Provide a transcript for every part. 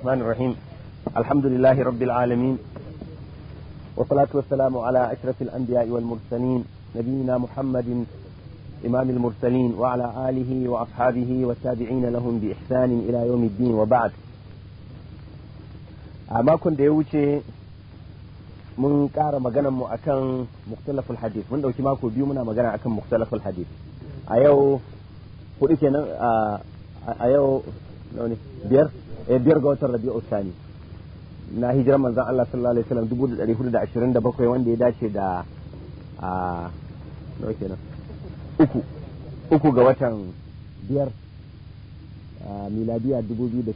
الرحمن الرحيم الحمد لله رب العالمين والصلاة والسلام على أشرف الأنبياء والمرسلين نبينا محمد إمام المرسلين وعلى آله وأصحابه والتابعين لهم بإحسان إلى يوم الدين وبعد أما كنت يوشي من كار مغانا مؤكن مختلف الحديث من دوشي ماكو بيومنا مغانا أكن مختلف الحديث أيو قلت آه، أيو أيو بير Eh, biyar ga watan rabi'u sani na hijirar manzan Allah sallallahu alaihi wasallam bakwai wanda ya dace da a nawa kenan uku uku ga watan biyar miladiya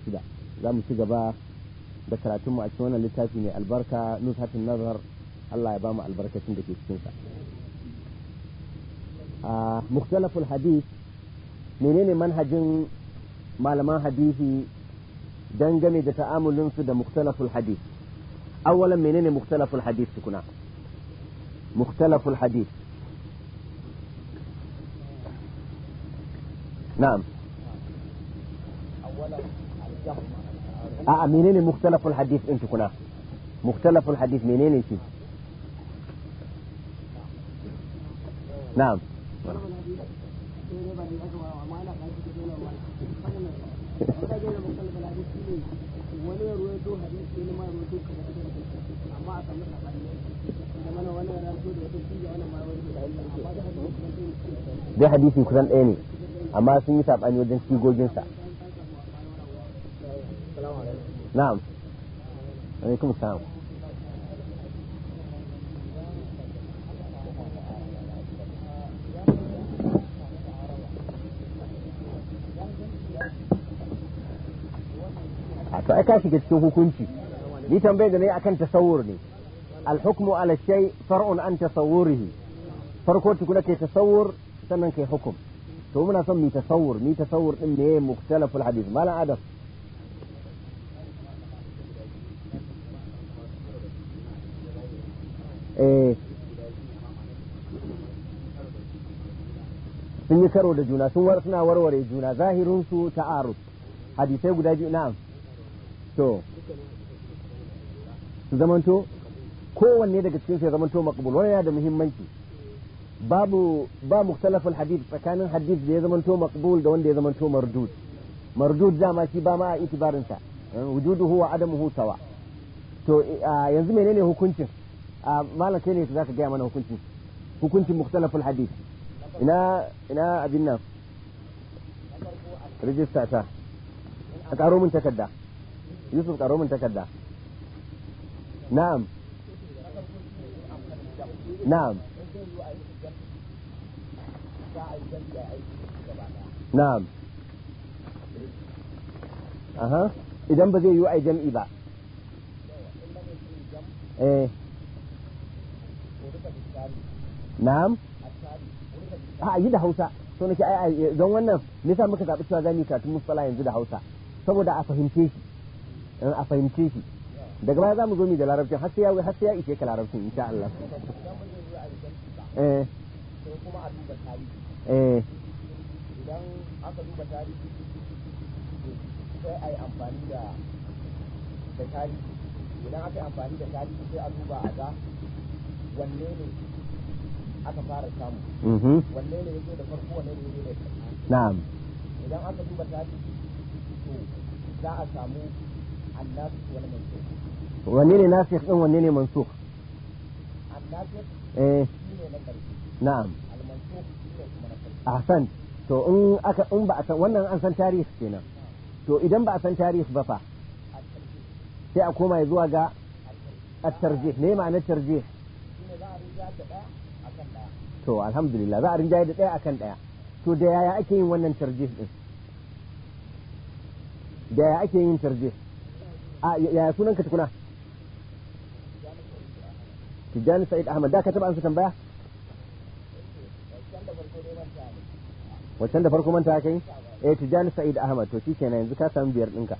shida za mu ci gaba da karatunmu a cikin wannan littafi mai albarka nusatin nazar Allah ya ba mu albarkacin da ke cikinsa a muktalaful hadith menene manhajin malaman hadisi dangane da ta'amulinsu da mukhtalaful hadith awalan menene mukhtalaful hadith tukuna mukhtalaful hadith na'am a'a menene mukhtalaful hadith din tukuna mukhtalaful hadith menene shi na'am dai hadisi kusan ɗaya ne amma sun yi saɓani wajen sigoginsa na'am alaikum salam to ai ka shiga cikin hukunci ni tambayar da nayi akan tasawur ne al-hukmu ala shay far'un an tasawurihi farko tukuna kai tasawur sannan kai hukum to muna son mi tasawur mi tasawur din ne muktalaful hadith mala adab eh sun yi karo da juna sun war suna warware juna zahirin su ta'arud hadisai guda biyu na'am to su zamanto kowanne daga cikin su ya zamanto maqbul wannan yana da muhimmanci babu ba mukhtalaful hadith tsakanin hadith da ya zamanto maqbul da wanda ya zamanto mardud mardud dama shi ba ma a itibarin sa eh, wujuduhu wa adamuhu sawa to yanzu menene hukuncin malam kai ne zaka gaya mana hukuncin hukuncin mukhtalaful hadith ina ina abin nan rijista ta a karo mun takarda yusuf karo min takarda na'am na'am na'am aha idan ba zai yi ai jam'i ba eh na'am a yi da hausa so nake ai don wannan nisa muka zaɓi cewa za yi karatun musala yanzu da hausa saboda a fahimce shi in a fahimce shi daga baya za mu zo mu da larabcin har sai ya har sai ya ishe ka larabcin insha Allah eh kuma a duba tarihi eh idan aka duba tarihi sai ai amfani da da tarihi idan aka yi amfani da tarihi sai a duba a ga wanne ne aka fara samu wanne ne yake da farko wanne ne yake da na'am idan aka duba tarihi to za a samu wanne ne nasikh din wanne ne mansukh eh na'am ahsan to in aka in ba a san wannan an san tarihi kenan to idan ba a san tarihi ba fa sai a koma zuwa ga at-tarjih ne ma'anar tarjih to alhamdulillah za a rinjaye da daya akan daya to da yaya ake yin wannan tarjih din da yaya ake yin tarjih yaya sunanka tukuna Tijjani Sa'id Ahmad da ka taba amsa tambaya waccan da farko manta kai eh Tijjani Sa'id Ahmad to shikenan yanzu ka samu biyar dinka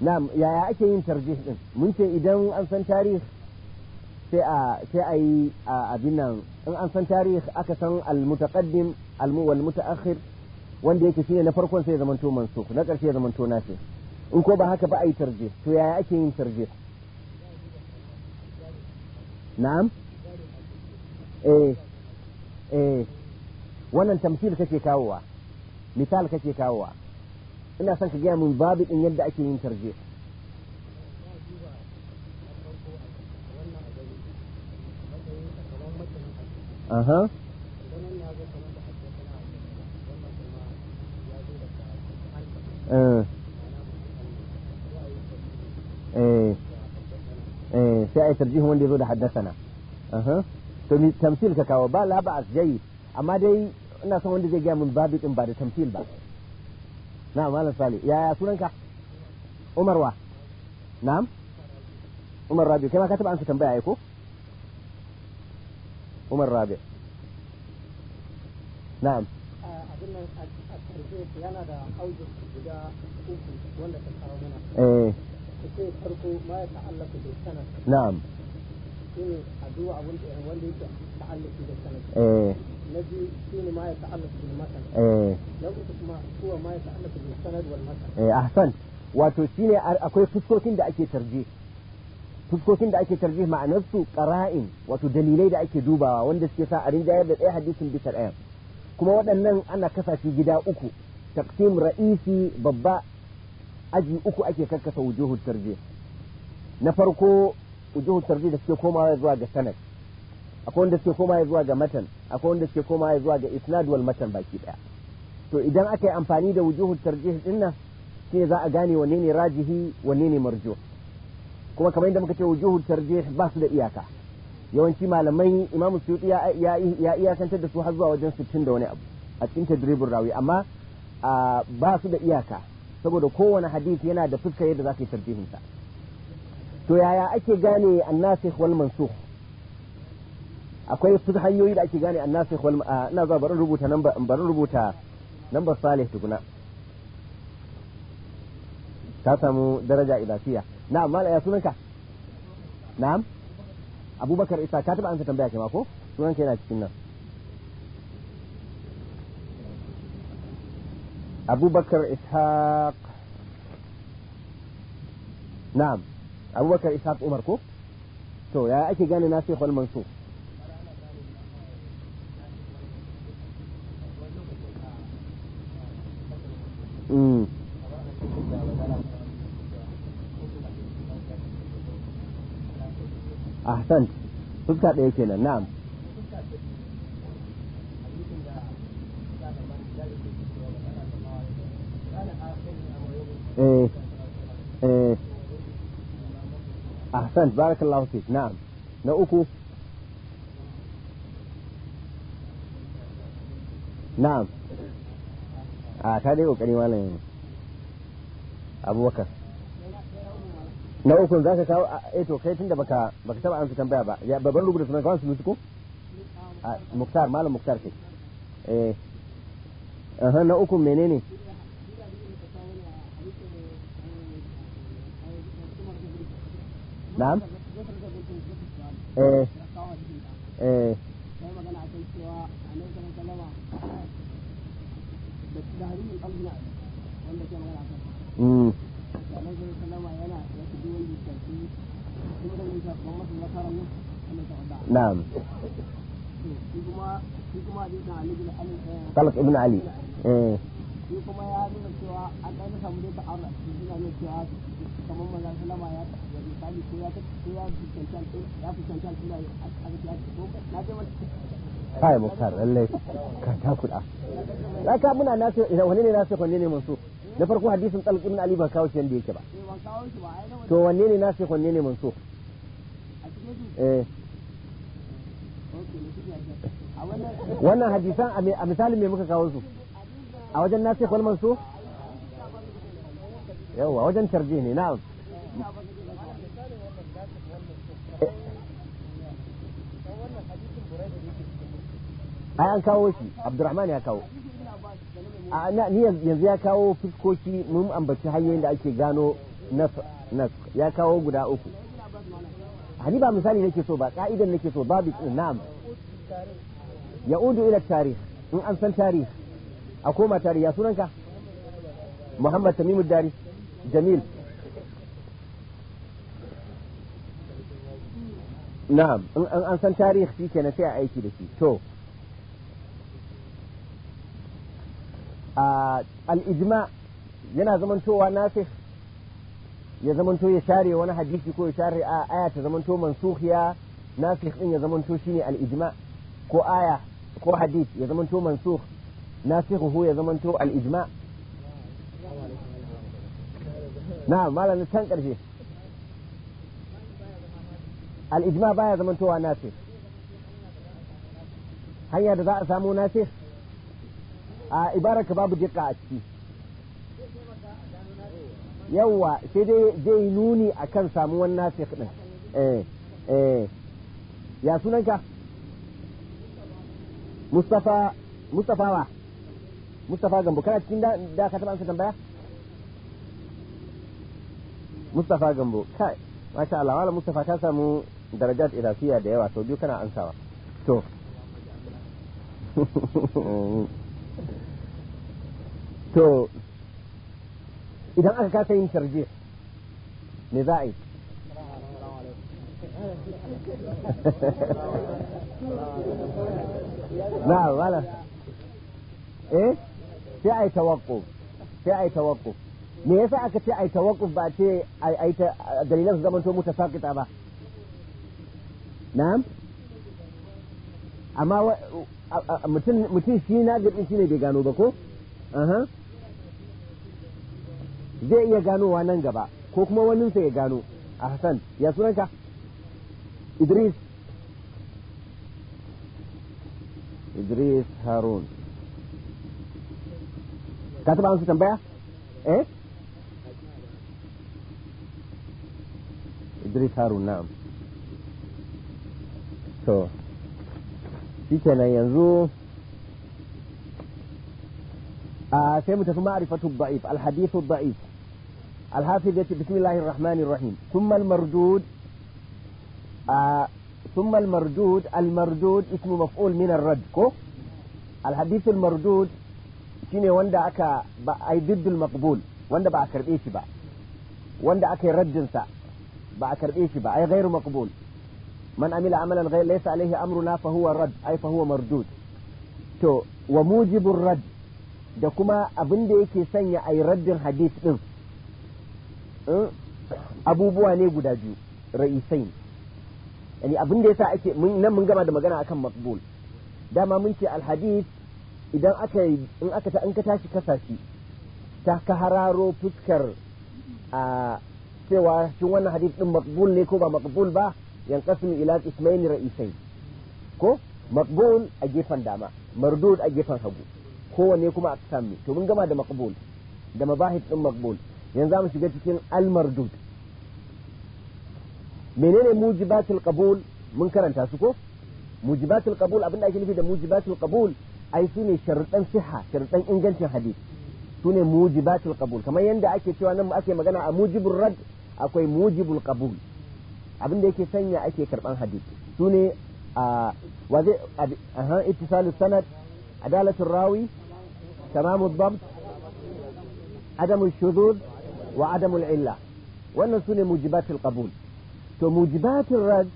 na'am yaya ake yin tarjih din mun ce idan an san tarihi sai a sai a yi abin nan in an san tarihi aka san al-mutaqaddim al-mu'awwal mutaakhir wanda yake shine na farkon sai ya zamanto mansukh na ƙarshe ya zamanto nasikh in ko ba haka ba ai yi tarje to yaya ake yin tarje na'am eh eh wannan tamthil kake kawowa misal kake kawowa ina son ka ga mun babu din yadda ake yin tarje aha Uh a tarjihu wanda ya zo da haddasana to ni tamsil ka kawo ba la ba'as jayi amma dai ina son wanda zai gaya min babu din ba da tamsil ba na'am malam sali ya sunanka umar wa na'am umar rabi kai ma ka taba ansa tambaya ai ko umar rabi na'am abin nan a yana da auji guda uku wanda ta kawo mana eh na'am addu'a wanda yake ta'alluki da eh. na biyu shine kuma huwa ma ya ta'alluki da eh. eh, ahsan wato shine akwai fuskokin da ake tarje fuskokin da ake tarje ma'anarsu qara'in wato dalilai da ake dubawa wanda suke sa a rinjayar da ɗaya hadisin bisa ɗaya kuma waɗannan ana shi gida uku taqsim ra'isi babba aji uku ake karkasa wujuhul tarjih na farko wujuhul tarjih da suke komawa zuwa ga sanad akwai wanda suke komawa zuwa ga matan akwai wanda suke komawa zuwa ga isnad wal matan baki daya to idan aka yi amfani da wujuhul tarjih din nan sai za a gane wanne ne rajihi wanne ne marjuh kuma kamar yadda muka ce wujuhul tarjih ba su da iyaka yawanci malamai imam suyuti ya iyakantar da su har zuwa wajen sittin da wani abu a cikin tadribul rawi amma ba su da iyaka saboda kowane hadisi yana da fuska yadda za ka yi tarjihinsa to yaya ake gane annasikh wal mansukh akwai su hanyoyi da ake gane annasikh wal ina zuwa barin rubuta number barin rubuta number salih tukuna ta samu daraja idafiya na mala ya sunanka na'am abubakar isa ka taba an tambaya kai ma ko sunanka yana cikin nan أبو بكر إسحاق نعم أبو بكر إسحاق عمر كوف تو يا أكي قال ناسخ والمنسوخ مم. أحسنت تذكر إيه كنا نعم eh eh ahsan barakallahu fik na'am na uku na'am a ta dai kokari malam na ukun za ka kawo eh kai tunda baka baka taba amsa tambaya ba ya babban rubuta sunan kawai su ko muktar malam muktar kai na ukun menene na'am eh eh نعم طلق ابن علي ايه shi kuma ya nuna cewa an ɗan nuna cewa kamar manzan ya ya ya ya ya a ga shi ko na je kai muktar lalle ka ta kuda da ka muna nasu idan eh, wani ne nasu wanne ne mansu na farko hadisin talqin ali ba kawo shi yanda ba eh, to wanne ne nasu wanne ne mansu eh wannan hadisan a misalin me muka kawo su a wajen nasikh wal mansukh yawa wajen tarjih ne na'am eh. ai an kawo shi abdurrahman ya kawo a ni yanzu ya kawo fuskoki mun ambaci hanyoyin da ake gano nas ya kawo guda uku hani ba misali nake so ba ka'idan nake so babu na'am udu ila tarih in an san tarih a koma tare ya sunanka muhammad tamimu dari jamil na'am an san tarihi shi kenan sai a aiki da shi to al-ijma yana zamantowa nasikh ya zamanto ya share wani hadisi ko ya share a aya ta zamanto mansukhiya nasikh din ya zamanto shine al-ijma ko aya ko hadisi ya zamanto mansukh nasikhuhu ya zamanto al'ijma. Na na'am malam can karshe al-ijma baya zamantowa nasikh hanya da za a samu nasikh a ibaraka babu dika a ciki yawa sai dai zai nuni akan samuwan nasikh din eh eh ya sunanka mustafa mustafa wa Mustafa Gambo kana cikin da ka taba ansa tambaya Mustafa Gambo kai masha Allah wala Mustafa ta samu darajat idafiya da yawa sau biyu kana ansawa to to idan aka kasa yin tarjih me za a yi Na wala eh sai ai tawakkuf sai ai tawakkuf me yasa aka ce ai tawakkuf ba ce ai ai dalilan su zamanto mutasaqita ba na'am amma mutum mutum shi na shi shine bai gano ba ko aha zai iya ganowa nan gaba ko kuma wani sai ya gano a Hassan ya sunanka Idris Idris Harun كاتب عن تنبيه ايه ادريس هارون نعم تو في كان ينزو آه، سي متفهم معرفة الضعيف الحديث الضعيف الحافظ بسم الله الرحمن الرحيم ثم المردود آه، ثم المردود المردود اسم مفعول من الرد الحديث المردود shine wanda aka ba ai diddul maqbul wanda ba a karbe shi ba wanda aka yi raddin sa ba a karbe shi ba ai ghairu maqbul man amila amalan ghayr laysa alayhi amruna fa huwa rad ai fa huwa mardud to wa mujibur rad da kuma abin da yake sanya ai raddin hadith din hmm? abubuwa ne guda biyu ra'isai yani abin da yasa ake nan mun gama da magana akan maqbul dama mun ce al hadith idan aka in aka ta an ka tashi kasashi ta ka hararo fuskar a cewa shi wannan hadith din maqbul ne ko ba maqbul ba yanqasimu ila ismail ra'isai ko maqbul a gefen dama mardud a gefen hagu kowanne kuma aka sami to mun gama da maqbul da mabahith din maqbul yanzu za mu shiga cikin al-mardud menene mujibatul qabul mun karanta su ko mujibatul qabul abinda ake nufi da mujibatul qabul ai su ne sharuɗan siha sharuɗan ingancin hadith su ne mujibatul qabul kamar yadda ake cewa nan ake magana a mujibul rad akwai mujibul qabul abin da yake sanya ake karban hadith su ne a aha ittisalus sanad adalatul rawi tamamud dabt adamul shudud wa adamul illa wannan su ne mujibatul qabul to mujibatul rad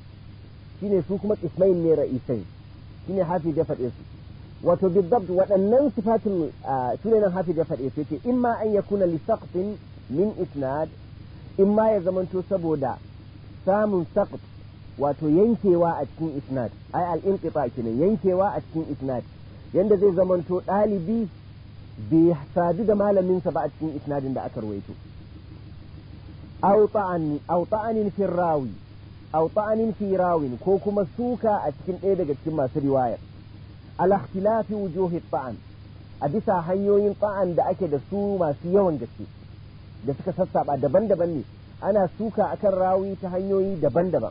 shine su kuma ismail ne ra'isai shine hafi ya faɗe su wato bidabt waɗannan sifatin su ne nan hafi da faɗe sai ce in ma an ya kuna lisaqtin min isnad in ma ya zamanto saboda samun saqt wato yankewa a cikin isnad ai al-inqita kenan yankewa a cikin isnad yanda zai zamanto ɗalibi bai sadi da malaminsa ba a cikin isnadin da aka rawaito aw ta'an fi rawi fi rawin ko kuma suka a cikin ɗaya daga cikin masu riwayar على اختلاف وجوه الطعن أديسا هايوين طعن دا أكي دا سو ما سيوان جسي دا سكا سبسابا دبن دبن لي أنا سوكا أكر راوي تهايوين دبن دبن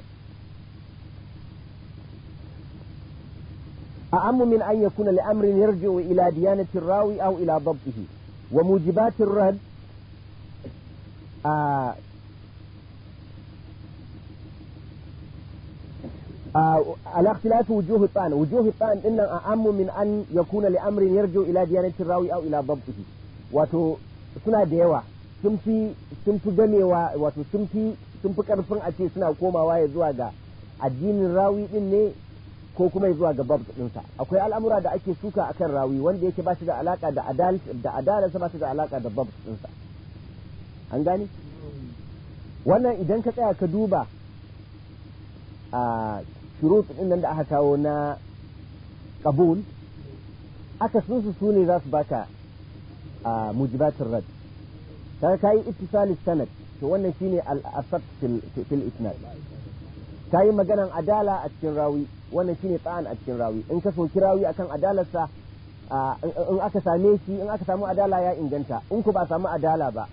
أعم من أن يكون لأمر يرجع إلى ديانة الراوي أو إلى ضبطه وموجبات الرهد آه، الاختلاف وجوه الطعن وجوه الطعن إن أعم من أن يكون لأمر يرجع إلى ديانة الراوي أو إلى ضبطه واتو سنة ديوة سمتي سمتي جميوة واتو سمتي سمتي كرفن أتي سنة وكوما واي زواجة الدين الراوي إني ko kuma zuwa ga bab ɗinsa akwai al'amura da ake suka akan rawi wanda yake ba shi da alaka da adalci da adalarsa ba shi da alaka da bab ɗinsa an gani wannan idan ka tsaya ka duba a shurut din nan da aka kawo na kabul aka sun su ne za su baka a mujibatin rad kaga kayi ittisali sanad to wannan shine al asad fil isnad kayi maganan adala a cikin rawi wannan shine tsa'an a cikin rawi in ka soki rawi akan adalarsa in aka same shi in aka samu adala ya inganta in ku ba samu adala ba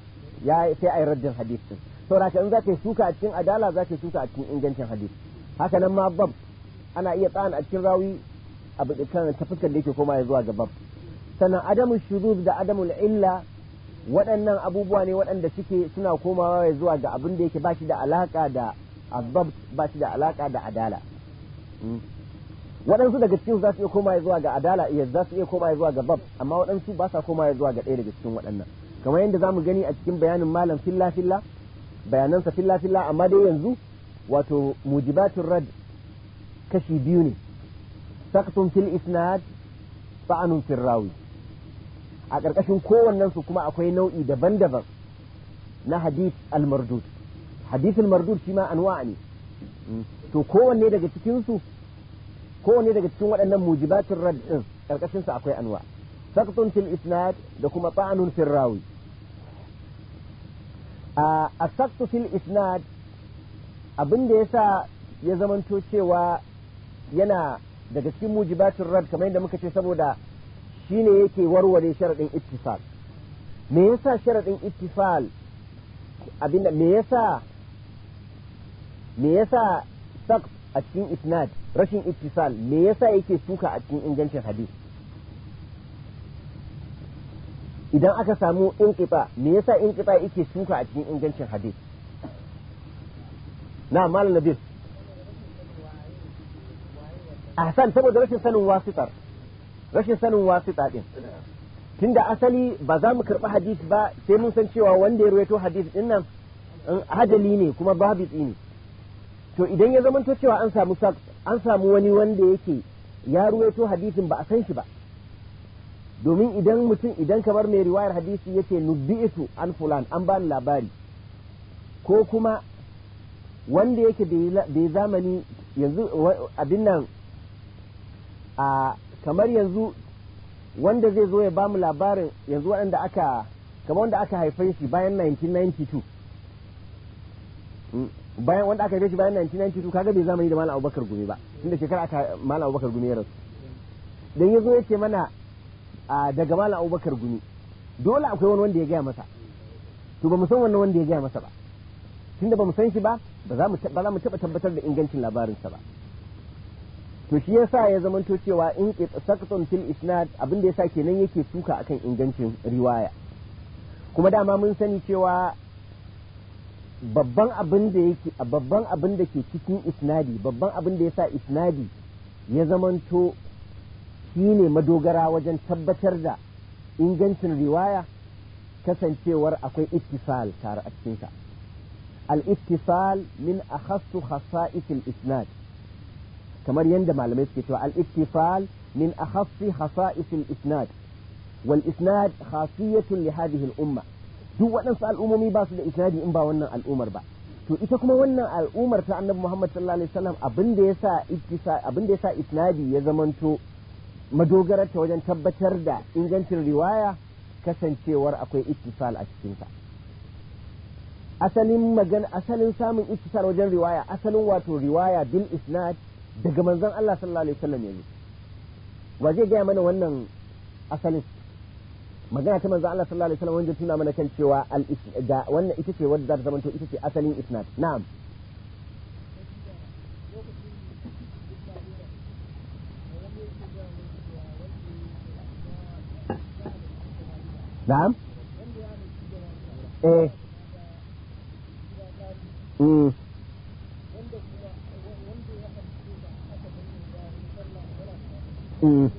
ya sai ai raddin hadith din saboda in zaka shuka a cikin adala zaka shuka a cikin ingancin hadisi haka nan ma bab ana iya tsana a cikin rawi abu da ta fuskar da yake koma ya zuwa ga bab sannan adamu shuzuz da adamu illa waɗannan abubuwa ne waɗanda suke suna komawa ya zuwa ga abin da yake ba shi da alaka da azab ba shi da alaka da adala hmm. waɗansu daga cikin za su iya koma ya zuwa ga adala iya za su iya koma ya zuwa ga bab amma waɗansu ba sa koma ya zuwa ga ɗaya daga cikin waɗannan kamar yadda za mu gani a cikin bayanin malam filla filla bayanansa filla filla amma dai yanzu wato mujibatun rad kashi biyu ne saktun fil isnad sa'anun fil rawi a ƙarƙashin kowannen su kuma akwai nau'i daban-daban na hadith al-mardud hadith al-mardud shi ma anwa ne hmm. to kowanne daga cikin su kowanne daga cikin waɗannan mujibatun rad din ƙarƙashin su akwai anwa saktun fil isnad da kuma ta'anun fil rawi a saktu fil isnad abin da sa ya zamanto cewa yana daga cikin mujibatun rad kamar yadda muka ce saboda shi ne yake warware sharaɗin ittifal me ya sa sharaɗin ittifal abinda me me sa me sa sak a cikin itnad rashin ittifal me ya sa yake suka a cikin ingancin hadis idan aka samu inqita me ya sa inqita yake suka a cikin ingancin hadis na malam nabil ahsan saboda rashin sanin wasitar rashin sanin wasita din tunda asali ba za mu karɓi hadisi ba sai mun san cewa wanda ya ruwaito hadisi din nan hadali ne kuma babu tsini to idan ya zama cewa an samu an samu wani wanda yake ya ruwaito hadisin ba a san shi ba domin idan mutum idan kamar mai riwayar hadisi yake nubbi'itu an fulan an bani labari ko kuma wanda yake bai zamani yanzu abin nan a kamar yanzu wanda zai zo ya ba mu labarin yanzu waɗanda aka kamar wanda aka haife shi bayan 1992 hmm, bayan wanda aka haife shi bayan 1992 kaga bai zamani da malam abubakar gumi ba tunda shekara aka malam abubakar gumi ya rasu dan yazo yake mana daga malam abubakar gumi dole akwai wani wanda ya gaya masa to ba mu san wannan wanda ya gaya masa ba tunda ba mu san shi ba ba za mu taba tabbatar da ingancin labarinsa ba to shi yasa ya zamanto cewa in sakatun fil isnad abin da yasa kenan yake suka akan ingancin riwaya kuma dama mun sani cewa babban abin da yake babban abin da ke cikin isnadi babban abin da yasa isnadi ya zamanto ne madogara wajen tabbatar da ingancin riwaya kasancewar akwai ittisal tare a cikinsa al-ittisal min akhassu khasa'is al-isnad kamar yadda malamai suke cewa alittisal min akhassi khasa'is al-isnad wal isnad hasiyatun li hadhihi al-umma duk waɗansu al'ummomi ba su da isnadi in ba wannan al'ummar ba to ita kuma wannan al'ummar ta annabi Muhammad sallallahu alaihi wasallam abin da yasa ittisa abin da yasa isnadi ya zamanto madogarar ta wajen tabbatar da ingancin riwaya kasancewar akwai ittisal a cikin ta asalin magana asalin samun ittisar wajen riwaya asalin wato riwaya bil isnad daga manzon Allah sallallahu alaihi wasallam yanzu wa zai gaya mana wannan asalin magana ta manzon Allah sallallahu alaihi wasallam wanda tuna mana kan cewa al da wannan ita ce wadda za ta zamanto ita ce asalin isnad na'am na'am eh Mm. Mm.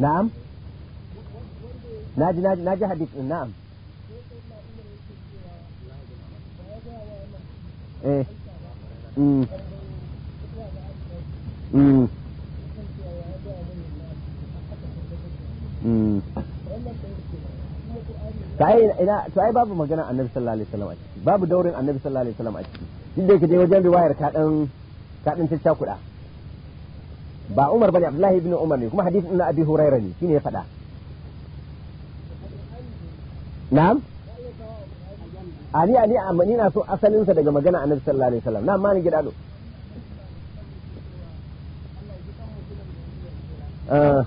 na'am naji naji naji hadith din na'am eh mm mm, mm. sai ina to ai babu magana annabi sallallahu alaihi wasallam a ciki babu daurin annabi sallallahu alaihi wasallam a ciki duk da kaje wajen riwayar ka dan ka dan taccakuda ba Umar bane Abdullahi ibn Umar ne kuma hadisin na Abi Hurairah ne shine ya faɗa na'am Ali ani amma ni na so asalin sa daga magana annabi sallallahu alaihi wasallam na mani gidado eh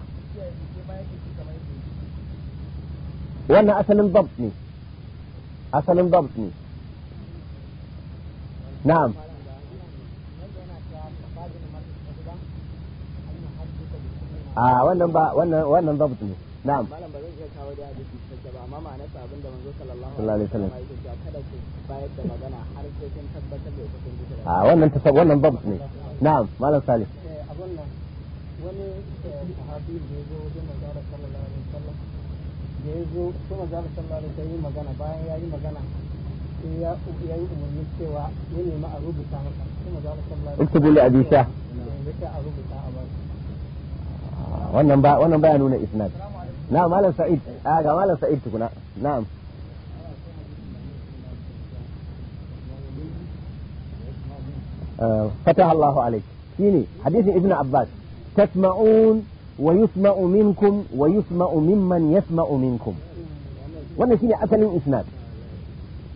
wannan asalin bab ne asalin bab ne na'am a wannan ba wannan wannan babu ne na'am malam ba zai iya kawo da hadisi sai ba amma ma'anar sa abinda manzo sallallahu alaihi wasallam ya ce kada ku bayar da magana har sai kun tabbatar da kun ji a wannan ta wannan babu ne na'am malam salih eh, a wannan wani eh, sahabi ne ya zo wajen manzo sallallahu alaihi wasallam ya zo su manzala sallallahu alaihi wasallam magana bayan ya yi magana sai ya ya yi umarni cewa ya nemi a rubuta masa su manzala sallallahu alaihi wasallam ya abisha ya a rubuta a baki wannan ba wannan baya nuna isnad na'am malam sa'id a ga malam sa'id tukuna na'am فتح الله عليك شيني حديث ابن عباس تسمعون ويسمع منكم ويسمع ممن يسمع منكم wannan shine asalin isnad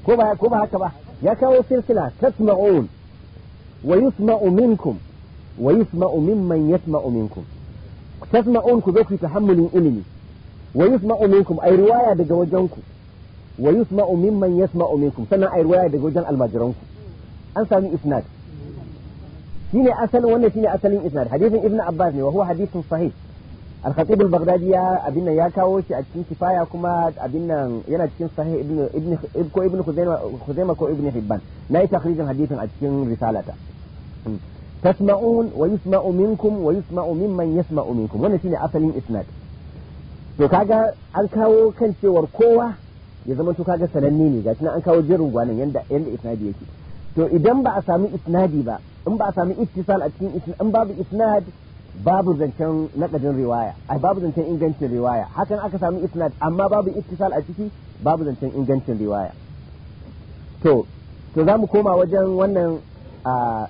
ko ba ko ba haka ba ya kawo silsila tasma'un wa yusma'u minkum wa yusma'u mimman yasma'u minkum tasma'un ku zo ku tahammulin ilimi wa yusma'u minkum ay riwaya daga wajen ku wa yusma'u mimman yasma'u minkum sannan ay riwaya daga wajen almajiran ku an sami isnad shine asalin wannan shine asalin isnad hadisin ibnu abbas ne wa huwa hadithun sahih al-khatib al-baghdadi ya abin nan ya kawo shi a cikin kifaya kuma abin nan yana cikin sahih ibn ibn ko ibn khuzaimah ko ibn hibban nayi takhrijin hadithin a cikin risalata hmm. tasma'un wa yusma'u minkum wa yusma'u mimman yasma'u minkum wannan shine asalin isnad to kaga an kawo kan cewar kowa ya zama to kaga sananne ne gashi nan an kawo jerin gwanin yanda yanda isnadi yake to idan ba a sami isnadi ba in ba a sami ittisal a cikin in babu isnad babu zancen nakadin riwaya ai babu zancen ingancin riwaya hakan aka samu isnad amma babu ittisal a ciki babu zancen ingancin riwaya to to zamu koma wajen wannan a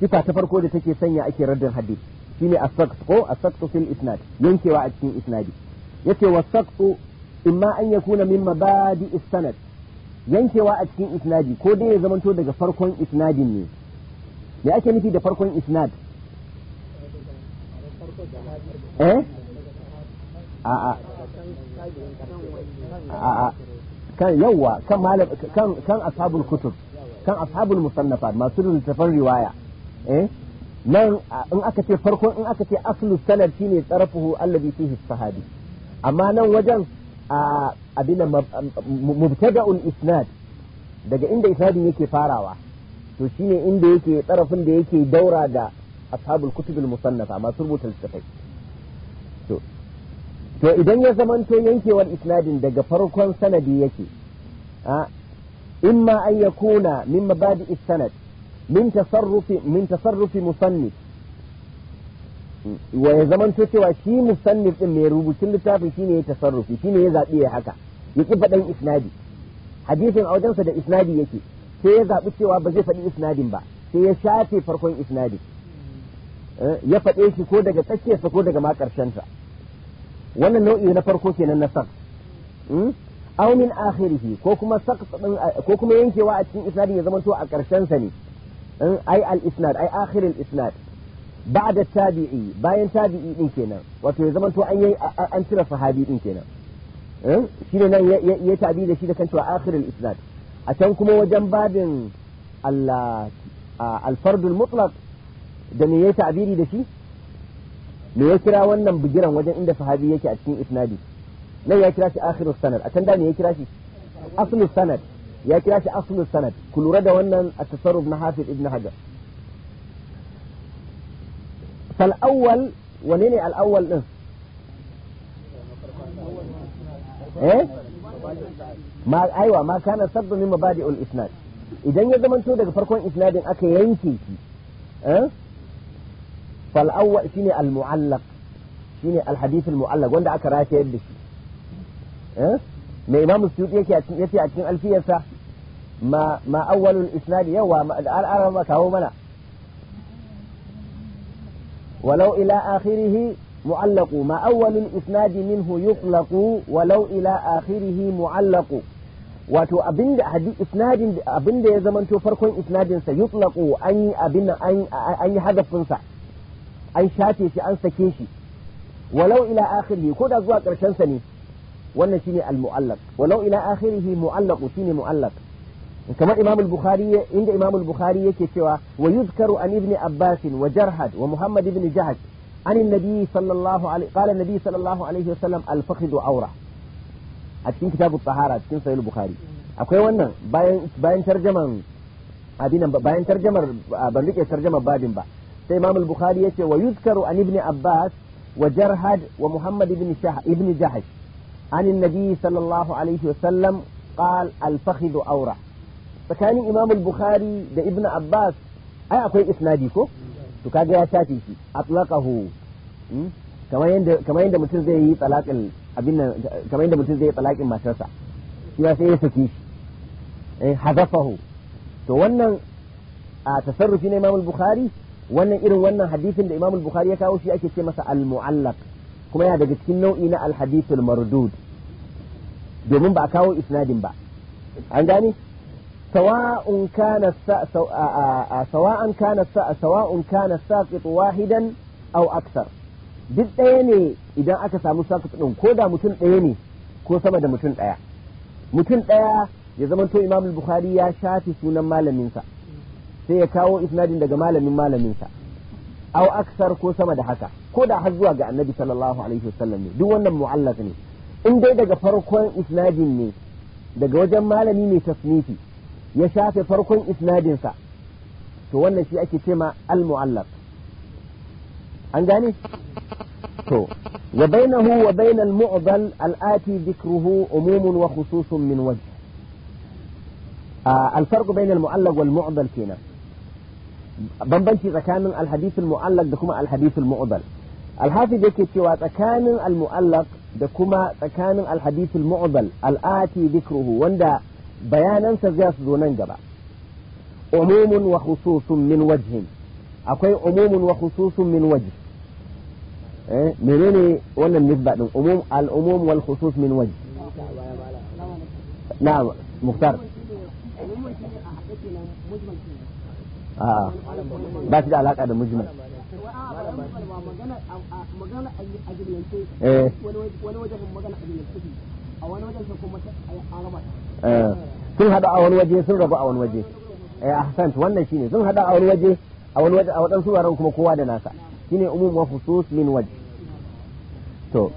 sifa ta farko da take sanya ake raddin hadith shine as-saqt ko as-saqt fil isnad yankewa a cikin isnadi yace was-saqt imma an yakuna min mabadi is-sanad yankewa a cikin isnadi ko dai ya zamanto daga farkon isnadin ne me ake nufi da farkon isnad Eh? kan yawa kan malam kan kan ashabul kutub kan ashabul musannafat masu littafan riwaya eh nan in aka ce farkon in aka ce aslu sanad shine tsarafuhu alladhi fihi sahabi amma nan wajen a abin mubtada'ul isnad daga inda isnadin yake farawa to shine inda yake tsarafin da yake daura da ashabul kutubul musannafa masu rubuta littafai to to idan ya zamanto yankewar isnadin daga farkon sanadi yake a imma an yakuna min mabadi sanad min tasarrufi min tasarrufi musannif mm, wa ya zamanto cewa shi musannif din mai rubutun littafin shine ya tasarrufi shine ya zabi ya haka ya ki faɗan isnadi hadisin a wajensa da isnadi yake sai ya zabi cewa ba zai faɗi isnadin ba sai ya shafe farkon isnadin eh, ya faɗe shi ko daga tsakiyarsa ko daga ma ƙarshensa wannan nau'i na farko kenan na saqt aw min akhirih ko kuma saqt ko kuma yankewa a cikin isnadin ya zama to a ƙarshen sa ne ai al isnad ai akhir al isnad ba'da tabi'i bayan tabi'i din kenan wato ya zama to an yi an cire sahabi din kenan shine nan ya tabi da shi da kan cewa akhir al isnad a can kuma wajen babin al al fardul mutlaq da ne ya tabiri da shi me ya kira wannan bigiran wajen inda sahabi yake a cikin isnadi nan ya kira shi akhiru sanad a can da me ya kira shi aslu sanad ya kira shi aslu sanad ku lura da wannan a tasarruf na hafiz ibn hajar fal awwal wane ne al awwal din eh ma aiwa ma kana sabbu min mabadi'ul isnad idan ya zamanto daga farkon isnadin aka yanke shi eh فالأول شنو المعلق شنو الحديث المعلق وانده أكا رايك يدش أه؟ ما إمام السيوط يتي أتكين ألفية سا ما, ما أول الإسناد يوى الآن ما كهو منا ولو إلى آخره معلق ما أول الإسناد منه يطلق ولو إلى آخره معلق wato abin da isnadin abin da ya zamanto farkon isnadin sa اي an abin an yi hadafinsa an shafe shi an sake shi walau ila akhirhi ko da zuwa ƙarshen sa ne wannan shine al-mu'allaq walau ila akhirhi mu'allaq shine mu'allaq kamar imam al-bukhari inda imam al-bukhari yake cewa wa yuzkaru an Ibni abbas wa jarhad wa muhammad ibn jahsh an annabi sallallahu alaihi qala annabi sallallahu alaihi wasallam al-fakhd awra a cikin kitabu Sahara cikin sahih al-bukhari akwai wannan bayan bayan tarjaman abinan bayan tarjamar ban rike tarjamar babin ba sai imam al-bukhari yace wa yuzkaru an ibn abbas wa jarhad wa muhammad ibn shah ibn jahash an annabi sallallahu alaihi wa sallam qal al-fakhd awra tsakanin imam al-bukhari da ibn abbas ai akwai isnadi ko to kaga ya shi atlaqahu hmm? kamar yadda kamar yadda mutum zai yi talaqin abin nan kamar yadda mutum zai yi talaqin matarsa shi ya sai ya saki shi eh to wannan a tasarrufi na imam al-bukhari wannan irin wannan hadisin da Imam al-Bukhari ya kawo shi ake ce masa al-mu'allaq kuma yana daga cikin nau'i na al hadith al mardud domin ba a kawo isnadin ba an gani sawa'un kana sawa'an kana sawa'un kana saqit wahidan aw akthar duk ɗaya ne idan aka samu saqit din ko da mutum ɗaya ne ko sama da mutum ɗaya mutum ɗaya ya to Imam al-Bukhari ya shafi sunan malamin sa sai ya kawo isnadin daga malamin malaminsa au aksar ko sama da haka ko da har zuwa ga annabi sallallahu alaihi wasallam ne duk wannan mu'allaq ne in dai daga farkon isnadin ne daga wajen malami mai tasnifi ya shafe farkon sa to wannan shi ake cema al-mu'allaq an gane to wa bainahu wa bainal mu'dal al-ati dhikruhu umumun wa khususun min wajh الفرق بين المعلق والمعضل كنا bambanci tsakanin alhadisul mu'allaq da kuma alhadisul mu'dal alhafiz yake cewa tsakanin almu'allaq da kuma tsakanin alhadisul mu'dal al'ati dhikruhu wanda bayanansa zai su zo nan gaba umumun wa khususun min wajhin akwai umumun wa khususun min wajh eh menene wannan nisba din umum al umum wal khusus min wajh na'am muhtar a'a ba shi da alaka da mujmal eh. eh sun hada a wani waje sun rabu a wani waje eh ahsant wannan shine sun hada a wani waje a wani waje a wadansu wuraren kuma kowa da nasa shine umum wa khusus min waje to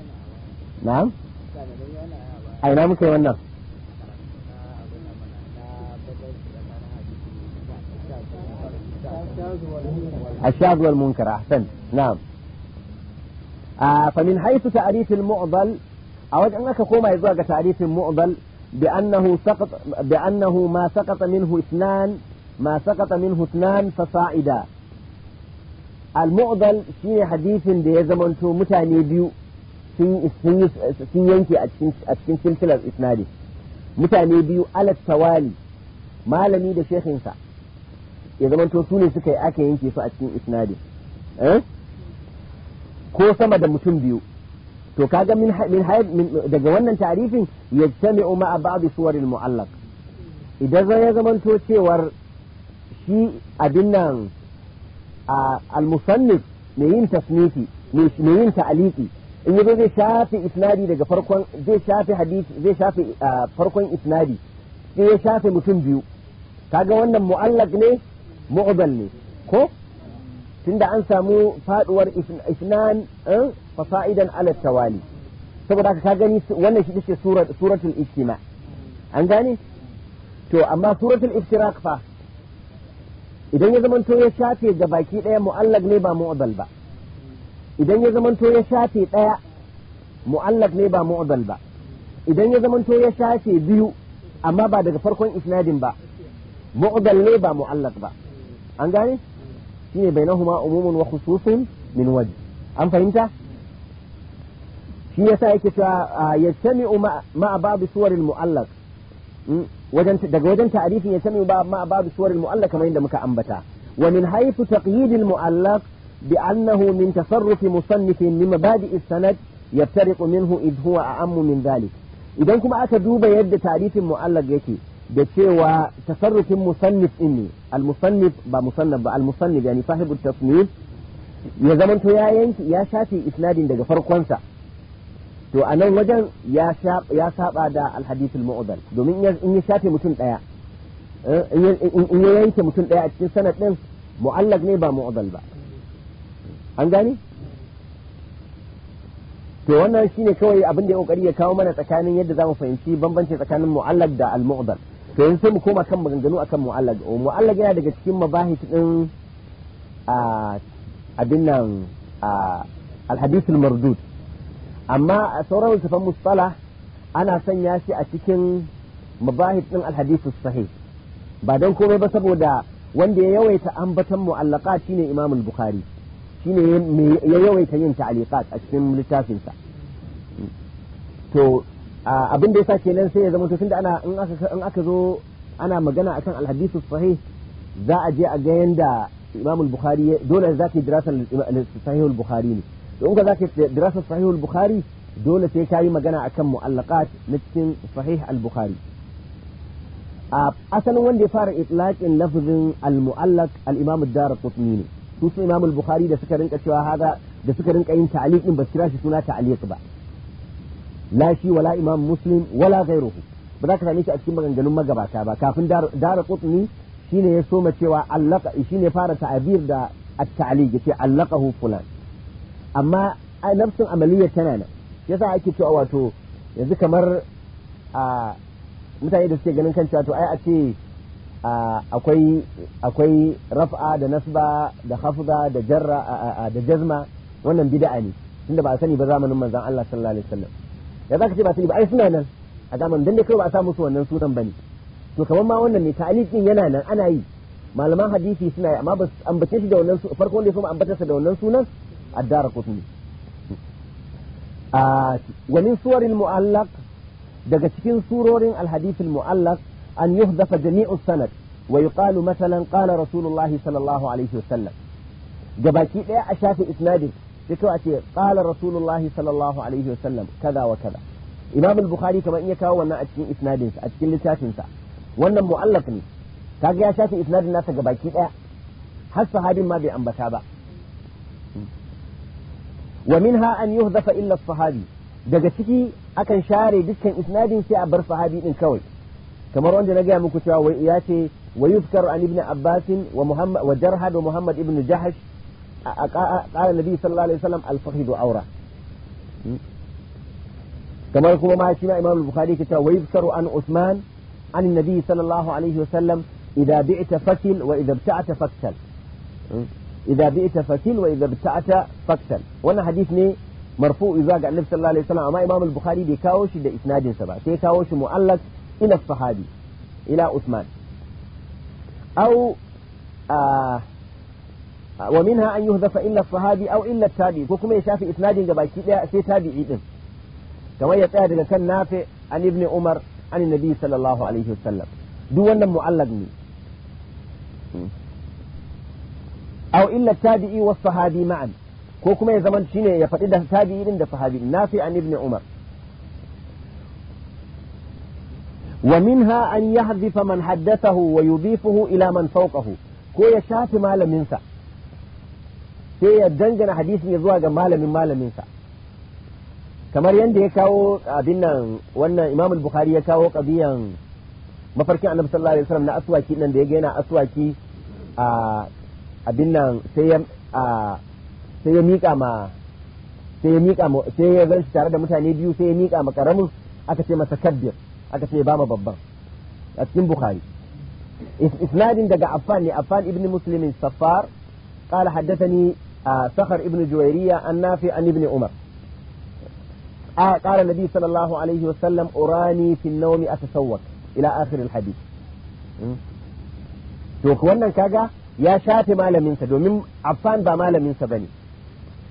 na'am aina muke wannan الشاذ والمنكر أحسنت نعم آه فمن حيث تعريف المعضل أود أنك كما يزوج تعريف المعضل بأنه سقط بأنه ما سقط منه اثنان ما سقط منه اثنان فصاعدا المعضل في حديث da ya zamanto في في في yanke a cikin silsilar isnadi mutane biyu alat tawali malami شيخ shekinsa ya zamanto su ne suka yi aka yanke su a cikin isnadin eh? ko sama da mutum biyu to kaga min daga wannan tarifin yajtami'u ma'a ba'd suwaril mu'allaq idan ya zamanto cewar shi abin nan al-musannif mai yin tasnifi mai yin ta'aliki in yazo zai shafi isnadi daga farkon zai shafi hadisi zai shafi farkon isnadi sai ya shafe mutum biyu kaga wannan mu'allak ne mu'dal ne ko tunda an samu faduwar isnan fasa'idan ala tawali saboda haka ka gani wannan shi take suratul ijtima an gane to amma suratul iftiraq fa idan ya zamanto ya shafe ga baki daya mu'allaq ne ba mu'dal ba idan ya zamanto ya shafe daya mu'allaq ne ba mu'dal ba idan ya zamanto ya shafe biyu amma ba daga farkon isnadin ba mu'dal ne ba mu'allaq ba an gane shine bainahuma umumun wa khususun min waji an fahimta shi yasa yake cewa yajtami'u ma'a babu suwar mu'allaq wajen daga wajen ta'arifin yajtami'u ma'a babu suwar mu'allaq kamar yadda muka ambata wa min haythu taqyid mu'allaq bi annahu min tasarrufi musannifin min mabadi' sanad yaftariqu minhu idh huwa a'ammu min dhalik idan kuma aka duba yadda ta'arifin mu'allaq yake da cewa tasarrufin musannif din ne al ba musannaf ba al yani sahibu tasnif ya zamanto ya yanki ya shafi isnadin daga farkonsa to a nan wajen ya ya saba da al-hadith mudal domin in ya shafe mutum daya eh, in ya yanke mutum daya a cikin sanad din mu'allaq ne ba mu'dal ba an gane to wannan shine kawai abin da ya kokari ya kawo mana tsakanin yadda zamu fahimci bambanci tsakanin mu'allaq da al-mu'dal to yanzu sai mu koma kan maganganu akan mu'allaq mu'allaq yana daga cikin mabahis din a abin nan a alhadith mardud amma sauran littafan mustalah ana sanya shi a cikin mabahis din alhadith sahih ba don komai ba saboda wanda ya yawaita ambatan mu'allaqa shine Imam al-Bukhari shine ya yawaita yin ta'liqat a cikin littafinsa to abin da yasa kenan sai ya zama to tunda ana in aka in aka zo ana magana akan alhadisu sahih za a je a ga yanda imam al-bukhari dole za ka yi dirasar sahih al-bukhari ne don ka za ka yi dirasar sahih al-bukhari dole sai ka yi magana akan mu'allaqat na cikin sahih al-bukhari a asalin wanda ya fara itlaqin lafzin al-mu'allaq al-imam ad-darqutni ne su imam al-bukhari da suka rinka cewa haza da suka rinka yin ta'liq din ba kira shi suna ta'liq ba la shi wala imam muslim wala ghairuhu ba za ka same shi a cikin maganganun magabata ba kafin dara qutni shine ya soma cewa allaka shine fara ta'abir da at-ta'liq yace allaqahu fulan amma nafsin amaliya tana na nan yasa ake cewa wato yanzu kamar a mutane da suke ganin kan cewa to ai a ce akwai akwai raf'a da nasba da hafza da jarra da jazma wannan bid'a ne tunda ba a sani ba zamanin manzon Allah sallallahu alaihi wasallam da za ka ce ba su ne ba ai suna nan a zamanin dan da kai ba a sa musu wannan sunan bane to kamar ma wannan mai ta'alif din yana nan ana yi malaman hadisi suna yi amma ba su ambace shi da wannan farko wanda ya so ambace sa da wannan sunan addara kutumi a ah, wani suwarin mu'allaq daga cikin surorin alhadithul mu'allaq an yuhdafa jami'u sanad wa yuqalu masalan qala rasulullahi sallallahu alaihi wasallam gabaki daya a shafi isnadin sai a ce qala rasulullahi sallallahu alaihi wasallam kaza wa kaza imam al-bukhari kamar kawo wannan a cikin isnadinsa a cikin littafinsa wannan mu'allaf ne kaga ya shafi isnadin nasa gabaki daya har sahabin ma bai ambata ba wa minha an yuhdafa illa sahabi daga ciki akan share dukkan isnadin sai a bar sahabi din kawai kamar wanda na gaya muku cewa ya ce wa yuzkaru an ibn abbas wa muhammad wa jarhad wa muhammad ibn jahash قال النبي صلى الله عليه وسلم الفخذ عورة كما يقول ما شيما إمام البخاري كتاب ويبصر عن عثمان عن النبي صلى الله عليه وسلم إذا بعت فكل وإذا ابتعت فكسل إذا بعت فكل وإذا ابتعت فكسل وانا حديث ني مرفوع إذا قال النبي صلى الله عليه وسلم أما إمام البخاري دي كاوش دي إسناد سبا تي كاوش معلق إلى الصحابي إلى عثمان أو آه ومنها أن يهذف إلا الصحابي أو إلا التابعي فكما يشافي إسناد جباكي لا شيء تابعي إذن كما يتأهد كان نافع عن ابن عمر عن النبي صلى الله عليه وسلم دون معلق منه أو إلا التابعي والصحابي معا كما يزمن شيني يفتئ ده تابعي إذن دا صحابي نافع عن ابن عمر ومنها أن يحذف من حدثه ويضيفه إلى من فوقه كو يشاف ما لم ينسى sai ya dangana hadisin ya zuwa ga malamin malaminsa kamar yadda ya kawo abin nan wannan imamul bukhari ya kawo kabiyan mafarkin annabi sallallahu alaihi wasallam na aswaki nan da ya ga yana aswaki a abin nan sai ya sai ya mika ma sai ya mika ma sai ya zan tare da mutane biyu sai ya mika ma karamin aka ce masa kabbir aka ce ba ma babban a cikin bukhari isnadin daga affan ne affan ibn muslimin safar قال حدثني Ibn سخر ابن جويرية النافع عن ابن عمر آه قال النبي صلى الله عليه وسلم أراني في النوم Ila إلى آخر الحديث to wannan kaga ya shafe malaminsa domin affan ba malaminsa bane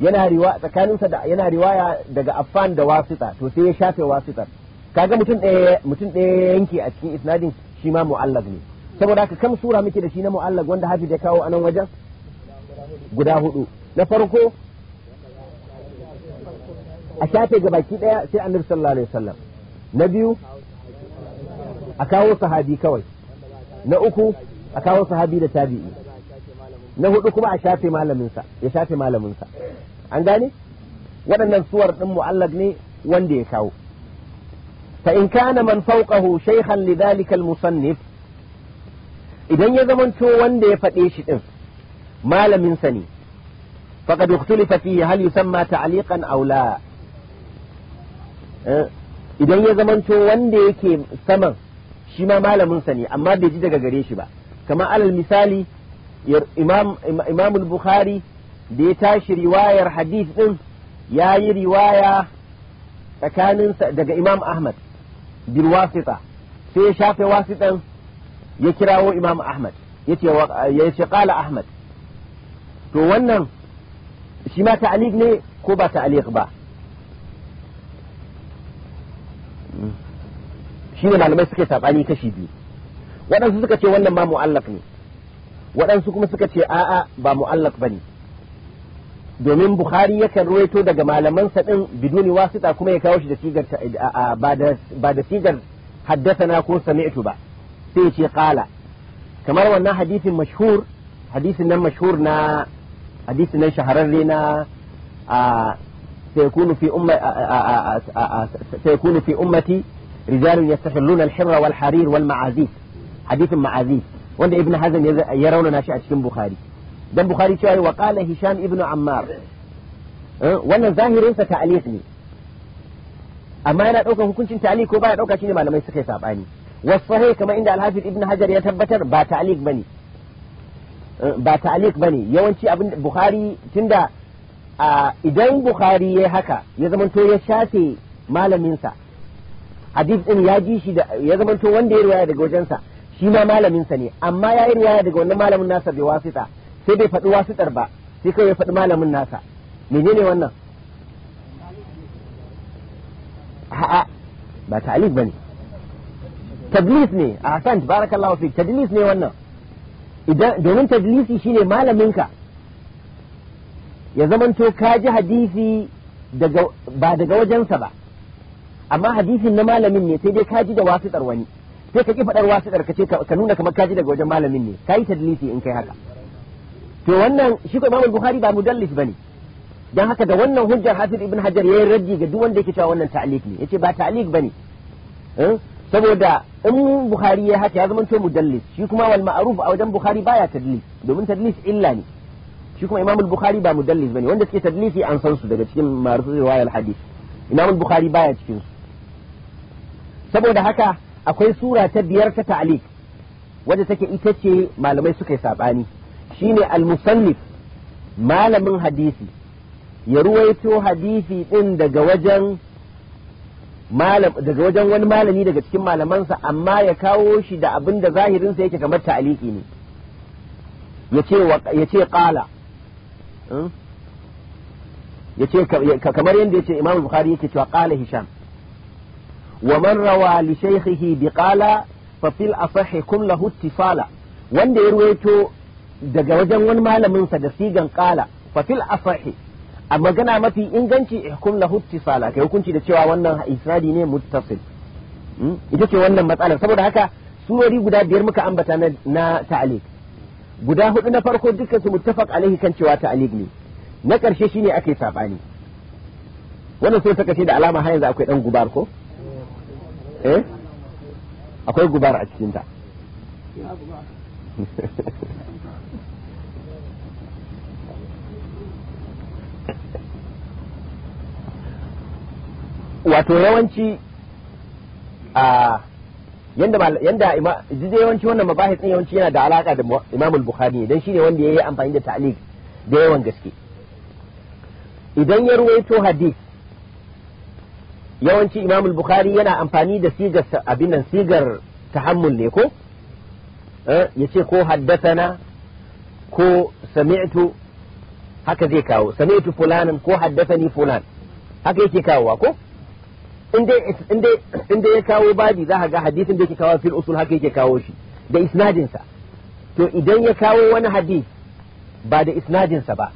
yana riwa tsakaninsa da yana riwaya daga affan da wasita to sai ya shafe wasitar kaga mutum ɗaya mutum ɗaya yanke a cikin isnadin shi ma mu'allaq ne saboda haka kam sura muke da shi na mu'allaq wanda haji da kawo anan wajen guda hudu na farko a shafe gabaki daya sai annabi sallallahu alaihi wasallam na biyu a kawo sahabi kawai na uku a kawo sahabi da tabi'i na hudu kuma a shafe malaminsa ya shafe malaminsa an gane waɗannan suwar ɗin mu'allaq ne wanda ya kawo fa in kana man fawqahu shaykhan lidhalika al-musannif idan ya zamanto wanda ya faɗe shi ɗin malamin sa ne فقد اختلف فيه هل يسمى تعليقا أو لا idan ya zamanto wanda yake saman shi ma malaminsa ne amma bai ji daga gare shi ba kamar alal misali imam bukhari da ya tashi riwayar hadith din ya yi riwaya tsakaninsa daga imam ahmad bil wasita sai ya shafe wasitan ya kirawo imam ahmad ya ce qala ahmad to wannan shi ma ta'aliq ne ko ba ta'aliq ba shi ne malamai suka saɓani kashi biyu waɗansu suka ce wannan ma mu'allaf ne waɗansu kuma suka ce a'a ba mu'allaf ba ne domin bukhari yakan ruwaito daga malamansa ɗin biduni wasita kuma ya kawo shi da sigar ba da sigar haddasana ko sami'tu ba sai ya ce kala kamar wannan hadisin mashhur hadisin nan mashhur na حديث nan shahararre آه، سيكون في أمة آه، آه، سيكون في أمتي رجال يستحلون الحر والحرير والمعازيف حديث معازيف وند ابن حزم يرون ناشئة كم بخاري دم بخاري شاي وقال هشام ابن عمار وانا ليس تعليقني أما أنا أوكا كنت تعليق وبعد أوكا شيني ما لما يسخي سابعني والصحيح كما عند الحافظ ابن حجر يتبتر با تعليق بني ba ba bane yawanci abin bukhari tunda idan bukhari yayi haka ya zamanto ya shafe malamin sa hadith din ya ji shi da ya zamanto wanda ya riwaya daga wajensa shi ma malamin sa ne amma ya yi riwaya daga wannan malamin nasa bai wasita sai bai faɗi wasitar ba sai kai ya faɗi malamin nasa menene wannan a'a ba ta'liq bane tadlis ne ahsan barakallahu fi tadlis ne wannan idan domin tadlisi shine malaminka ya zamanto ka ji hadisi ba daga wajensa ba amma hadisin na malamin ne sai dai ka ji da wasitar wani sai ka ki faɗar wasitar ka ce ka nuna kamar ka ji daga wajen malamin ne ka yi tadlisi in kai haka to wannan shi ko imamul Bukhari ba mudallis bane dan haka da wannan hujjar hafi Ibn Hajar yayin raddi ga duk wanda yake cewa wannan ta'liq ne yace ba ta'liq bane eh? saboda in bukhari ya haka ya zama to mudallis shi kuma wal ma'ruf a wajen bukhari baya tadlis domin tadlis illa ne shi kuma imamul bukhari ba mudallis bane wanda suke tadlisi an san su daga cikin ma'rufin riwayal hadith imamul bukhari baya cikin su saboda haka akwai sura ta biyar ta ta'liq wadda take ita ce malamai suka yi sabani shine al-musannif malamin hadisi ya ruwaito hadisi din daga wajen malam daga wajen wani malami daga cikin malamansa amma ya kawo shi da abinda da zahirinsa yake kamar ta'aliki ne ya ce kala ya ce hmm? kamar yadda ya ce imam bukhari yake cewa kala hisham wa man rawa li shaykhihi bi qala fa fil asahhi kum lahu ittifala wanda ya ruwaito daga wajen wani malamin sa da sigan qala fa fil asahhi a magana mafi inganci ihkum lahu ittisala kai hukunci da cewa wannan isnadi ne muttasil hmm? ita ce wannan matsalar saboda haka surori guda biyar muka ambata na, ta'alik ta'liq guda hudu na farko dukkan su muttafaq alaihi kan cewa ta'liq ne na karshe shine akai sabani wannan sai saka da alama har yanzu akwai dan gubar ko eh akwai gubar a cikin ta wato yawanci a yanda yanda yawanci wannan mabahis yawanci yana da alaka da Imam al-Bukhari dan shine wanda yayi amfani da ta'liq da yawan gaske idan ya ruwaito hadith yawanci Imam al-Bukhari yana amfani da sigar abin nan sigar tahammul ne ko eh, yace ko haddathana ko sami'tu haka zai kawo sami'tu fulanan ko haddathani fulan haka yake kawowa ko in dai ya kawo babi za ga hadisin da yake kawo fil usul haka yake kawo shi da isnadinsa to idan ya kawo wani hadis ba da isnadinsa ba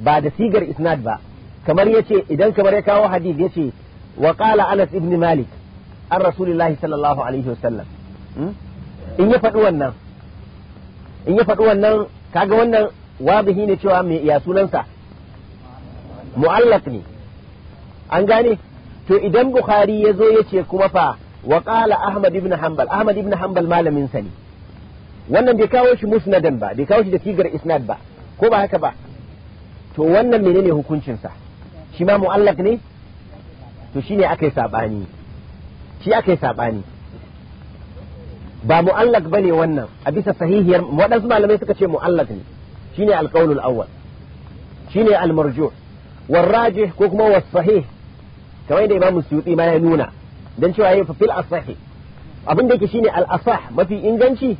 ba da sigar isnad ba kamar ya ce idan kamar ya kawo hadis ya ce wa qala anas ibn malik an rasulillahi sallallahu alaihi wasallam hmm? in ya faɗi wannan in ya faɗi wannan kaga wannan wabihi ne cewa mai iya sunansa mu'allaq ne an gane to idan bukhari ya zo ya ce kuma fa wa qala ahmad ibn hanbal ahmad ibn hanbal malamin sa ne wannan bai kawo shi musnadan ba bai kawo shi da tigar isnad ba ko ba haka ba to wannan menene hukuncin sa shi ma mu'allaq ne to shine akai saɓani shi akai sabani ba mu'allaq bane wannan a bisa sahihiyar waɗansu malamai suka ce mu'allaq ne shine alqaulul awwal shine almarjuh والراجح كما هو الصحيح kamar yadda imamu suyuti ma ya nuna dan cewa yayi fil asahi abin da yake shine al asah mafi inganci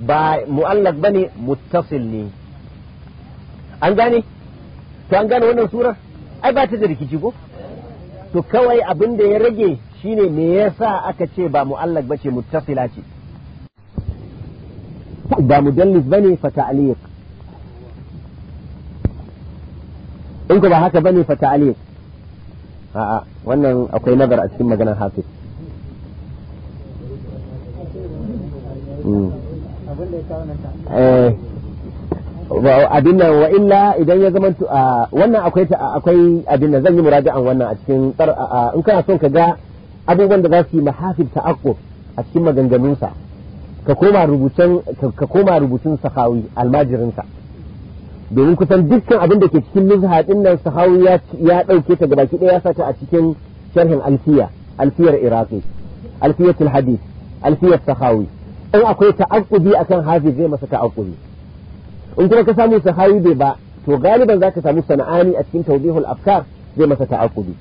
ba mu'allaq bane muttasil ne an gane to an gane wannan surar ai ba ta da rikici ko to kawai abin da ya rage shine me yasa aka ce ba mu'allaq bace muttasila ce ba mudallis bane fa ta'liq in ko ba haka bane fa ta'liq a'a wannan akwai nazar a cikin maganar hafiz hmm. eh, abin nan wa illa idan ya zama wannan akwai akwai abin nan zan yi muraja'an wannan a cikin in kana son ka ga abubuwan da za su yi mahafil ta'aqqub a cikin maganganunsa ka koma rubutun ka koma rubutun sahawi almajirinsa domin kusan dukkan abin da ke cikin nuzha din nan sahawi ya ɗauke ta gabaki ɗaya ya sata a cikin sharhin alfiya alfiyar iraqi alfiyatul hadith alfiyar sahawi in akwai ta'aqqubi akan hafiz zai masa ta'aqqubi in kuma ka samu sahawi bai ba to galiban zaka samu sana'ani a cikin tawdihul afkar zai masa ta'aqqubi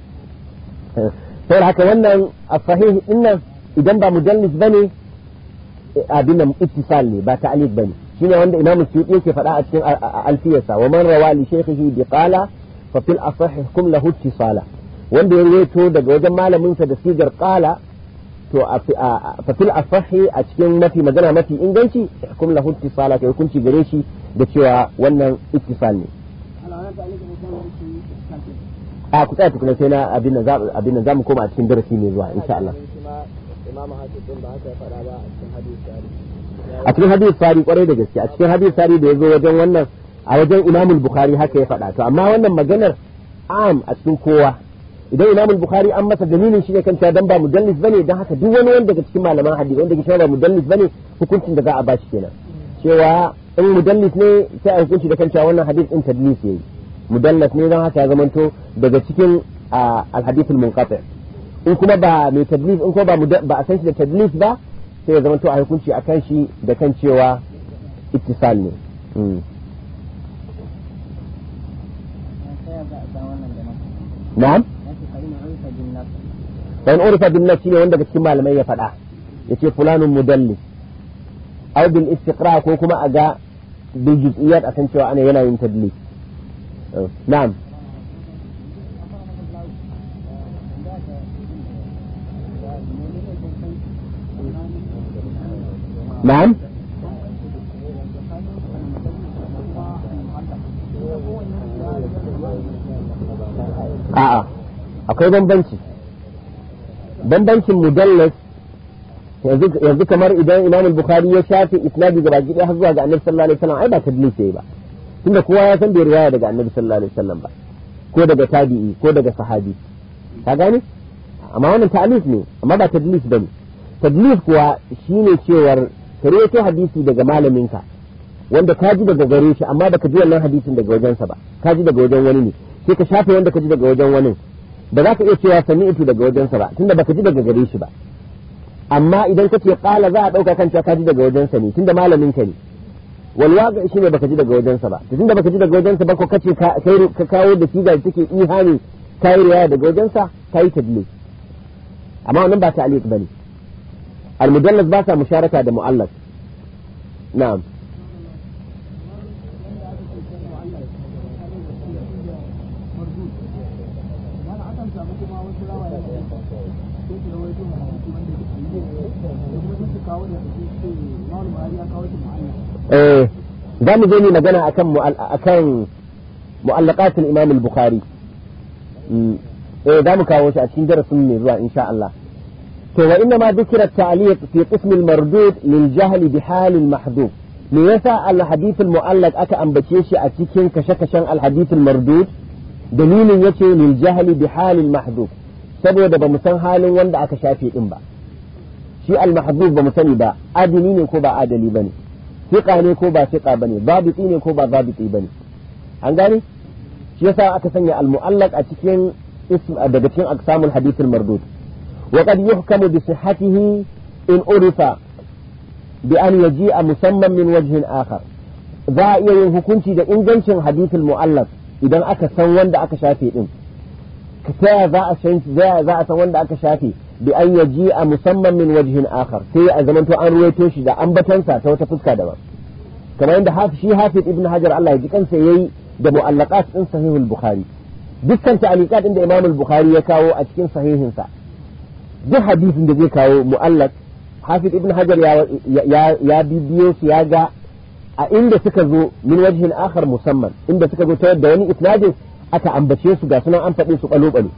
sai haka wannan as-sahih din nan idan ba mujallid bane eh, abin nan ittisal ne ba ta'liq bane shine wanda Imam Suyuti yake faɗa a cikin alfiyarsa wa man rawa li shaykhihi bi qala fa fil asah hukm lahu ittisala wanda ya rawaito daga wajen malamin sa da sigar qala to fa fil asah a cikin mafi magana mafi inganci hukm lahu ittisala kai hukunci gare shi da cewa wannan ittisal ne a ku tsaya tukuna sai na abin nan za mu koma a cikin darasi mai zuwa insha Allah imam hakim din ba haka ya faɗa ba a cikin hadisi a cikin hadith sari kwarai da gaske a cikin hadith sari da ya zo wajen wannan a wajen imamul bukhari haka ya faɗa to amma wannan maganar am a cikin kowa idan imamul bukhari an masa dalilin shi ne kan cewa dan ba mudallis bane dan haka duk wani wanda daga cikin malaman hadisi wanda ke cewa ba mudallis bane hukuncin da za a bashi kenan cewa in mudallis ne sai a hukunci da kan cewa wannan hadith din tadlis yayi mudallis ne dan haka ya zamanto daga cikin al-hadith al-munqati in kuma ba mai tadlis in kuma ba ba a san shi da tadlis ba sai ya zama to a hukunci a kan shi da kan cewa ittisal ne hmm. na'am dan urfa bin nafsi ne wanda cikin malamai ya faɗa yace fulanun mudallis aw bil istiqra ko kuma a ga bil juz'iyat akan cewa ana yana yin tadlis oh. na'am نعم a'a akwai bambanci bambancin mujallas yanzu kamar idan imamul bukhari ya shafi isnadi gaba baki har zuwa ga annabi sallallahu alaihi wasallam ai ba tadlis yayi ba tunda kowa ya san bai riwaya daga annabi sallallahu alaihi wasallam ba ko daga tabi'i ko daga sahabi ka gane amma wannan ta'alif ne amma ba tadlis bane tadlis kuwa shine cewar ka hadisi daga malaminka wanda ka ji daga gare shi amma baka ji wannan hadisin daga wajensa ba ka ji daga wajen wani ne sai ka shafe wanda ka ji daga wajen wani ba za ka iya cewa sani ito daga wajensa ba tunda baka ji daga gare shi ba amma idan ka ce kala za a dauka kan ka ji daga wajensa ne tunda malamin ka ne walwaga shi ne baka ji daga wajensa ba tunda baka ji daga wajensa ba ko kace ka ka kawo da shi da take ihani kai riwaya daga wajensa kai tadlis amma wannan ba ta'liq bane المجلد باسا مشاركة ده مؤلف نعم ده إيه، مجيني مجانا أكم مؤلقات الإمام البخاري ده إيه، مكاوش أتشين درسوني روا إن شاء الله to wa inna ma dhikra ta'liq fi qism al-mardud lil jahl bi hal al-mahdud me yasa al-hadith al-mu'allaq aka ambace shi a cikin kashe-kashen al-hadith al-mardud dalilin yace lil jahl bi hal al-mahdud saboda ba mu san halin wanda aka shafe din ba shi al-mahdud ba mu sani ba adili ne ko ba adali bane fiqa ne ko ba fiqa bane babiti ne ko ba babiti bane an gane shi yasa aka sanya al-mu'allaq a cikin daga cikin aqsamul hadith al-mardud وقد يحكم بصحته إن أرف بأن يجيء مسمى من وجه آخر ذا ينفكنش إذا إنجنش حديث المؤلف إذا أكا سواند أكا شافي إن كتا ذا سواند أكا شافي بأن يجيء مسمى من وجه آخر تي أزمنتو أن رويتوش إذا أنبتنسا سوى تفتك دوا كما عند حافشي حافظ ابن حجر الله يجي كان سيئي ده مؤلقات إن صحيح البخاري دي كان تعليقات عند إمام البخاري يكاو أتكين صحيح إنسان duk hadisin da zai kawo mu'allaf hafiz ibn hajar ya bibiyo su ya ga a inda suka zo min wajhin akhar musamman inda suka zo ta yadda wani isnadin aka ambace su ga sunan an faɗe su ƙalo ƙalo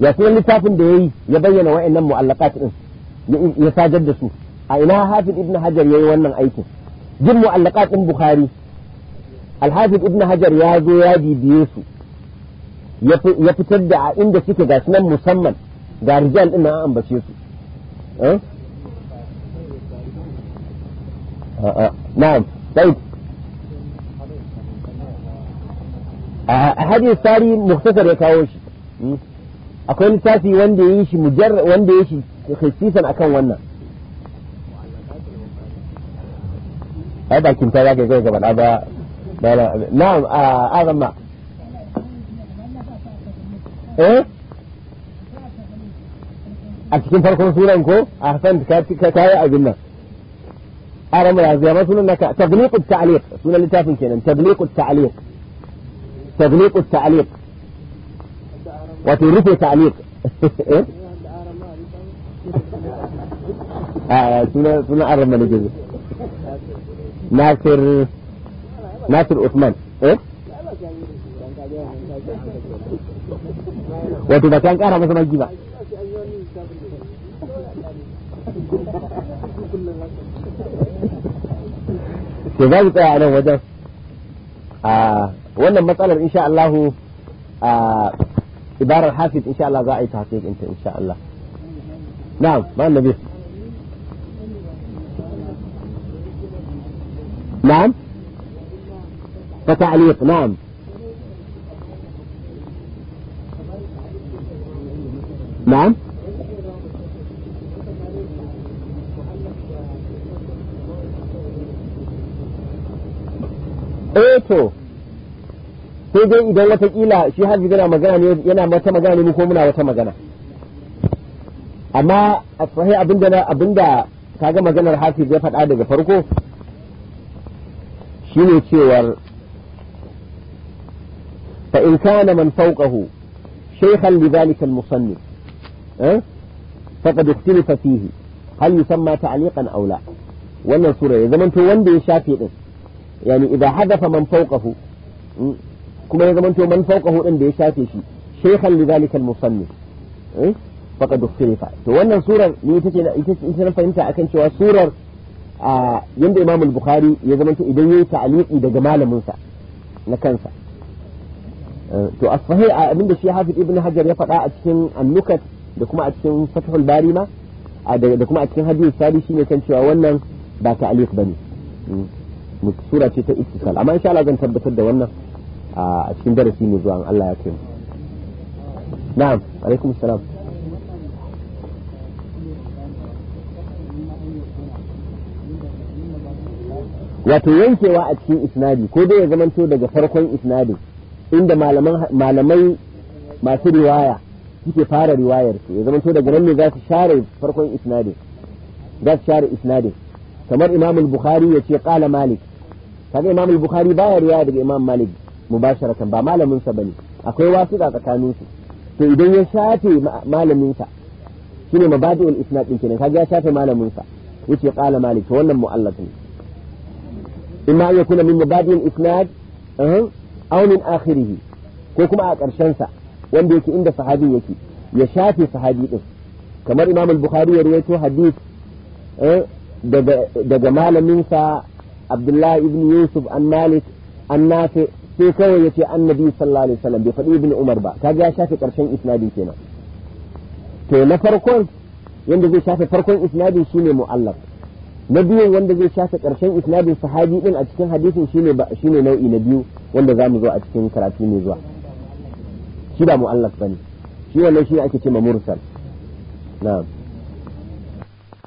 ya sunan littafin da yayi ya bayyana wa'annan mu'allaqat din ya sajar da su a ina hafiz ibn hajar ya yi wannan aikin duk mu'allaqat din bukhari alhafiz ibn hajar ya zo ya bibiye su ya fitar da a inda suke ga sunan musamman ga rijal din nan an ambace su eh a na'am طيب hadi tsari muktasar ya kawo shi akwai littafi wanda yayin shi mujar wanda ya shi khisisan akan wannan ai da kin tsaya ka kai gaba da ba na'am a azama eh أكتم فرقنا سورة انكو أحسن كتاية أجمع أرمي عزيزي سنة انك تغليق التعليق سنة اللي تافن كينا يعني تغليق التعليق تغليق التعليق وتريد تعليق سنة سنة أرمى لجزء ناصر ناصر أثمان إيه؟ وتبقى كان كارا بس ما to za mu tsaya a nan wajen a wannan matsalar insha Allah a ibarar hafiz insha Allah za a yi ta hafiz ɗinta insha Allah na'am ma'an nabi na'am فتعليق نعم نعم to sai dai idan watakila shi hajji yana magana ne yana wata magana ne ko muna wata magana amma a sahi abinda na abinda kaga maganar hafiz ya faɗa daga farko shine cewar fa in kana man fawqahu shaykhan li dhalika al-musannif eh faqad ikhtalafa fihi hal yusamma ta'liqan aw la wannan sura ya zamanto wanda ya shafe din yani idan hadafa man fawqahu kuma ya zamanto man fawqahu din da ya shafe shi shaykhan lidhalika al-musannif eh faqad ukhtilafa to wannan surar ni ita ce na fahimta akan cewa surar a yanda Imam al-Bukhari ya zamanto idan yayi ta'liqi daga malamin sa na kansa to as-sahih abinda shi Hafiz Ibn Hajar ya faɗa a cikin annukat da kuma a cikin Fathul Bari ma da kuma a cikin hadith sabi shine kan cewa wannan ba ta'liq bane sura ce ta ittisal amma insha Allah zan tabbatar da wannan a cikin darasi mai zuwa in Allah ya kai na'am alaikum salam wato yankewa a cikin isnadi ko dai ya zamanto daga farkon isnadi inda malamai masu riwaya suke fara riwayar su ya zamanto daga nan ne za su share farkon isnadi za su share isnadi kamar imamul bukhari ya ce qala malik kaga imam al-bukhari ya riwaya daga imam malik mubasharatan ba malamin sa bane akwai wasu wasiqa tsakanin su to idan ya shafe malamin sa shine mabadi'ul isnad din kenan kaga ya shafe malamin sa yace qala malik wannan mu'allaf ne imma ya kuna min mabadi'ul isnad eh aw min akhirih ko kuma a karshen sa wanda yake inda sahabi yake ya shafe sahabi din kamar imam al-bukhari ya rawaito hadith uh, daga malamin sa abdullahi ibn yusuf an malik an nafi sai kawai yace annabi sallallahu alaihi wasallam bai faɗi ibn umar ba kaga ya shafe karshen isnadin kenan to na farkon wanda zai shafe farkon isnadin shine mu'allaf na biyun wanda zai shafe karshen isnadin sahabi din a cikin hadisin shine shine nau'i na biyu wanda zamu zo a cikin karatu ne zuwa shi ba mu'allaf bane shi wannan shi ake ce mursal na'am